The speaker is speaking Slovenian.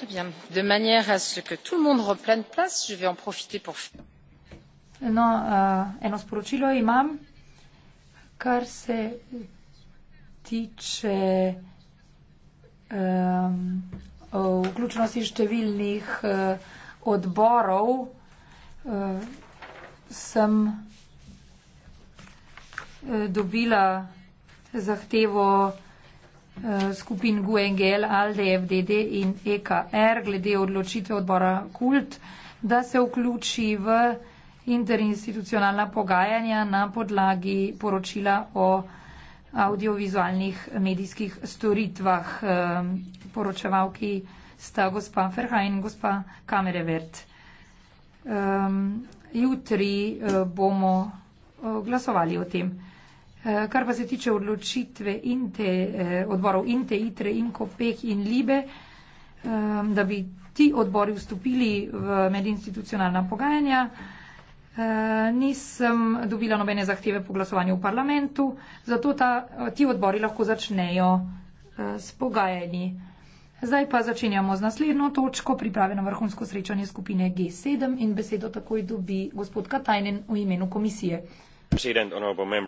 très bien de manière à ce que tout le monde reprenne place je vais en profiter pour no, uh, eno sporočilo imam kar se tiče um, vključenosti številnih uh, odborov uh, sem uh, dobila zahtevo Eh, skupin GUE-NGL, ALDE, FDD in EKR glede odločitve odbora KULT, da se vključi v interinstitucionalna pogajanja na podlagi poročila o audiovizualnih medijskih storitvah. Eh, poročevalki sta gospa Ferha in gospa Kamerevert. Eh, jutri bomo glasovali o tem. Eh, kar pa se tiče odločitve INTE, eh, odborov INTE, ITRE, INKOPEH in LIBE, eh, da bi ti odbori vstopili v medinstitucionalna pogajanja, nisem dobila nobene zahteve po glasovanju v parlamentu, zato ta, ti odbori lahko začnejo s pogajanji. Zdaj pa začenjamo z naslednjo točko, pripravljeno vrhunsko srečanje skupine G7 in besedo takoj dobi gospod Katajnen v imenu komisije.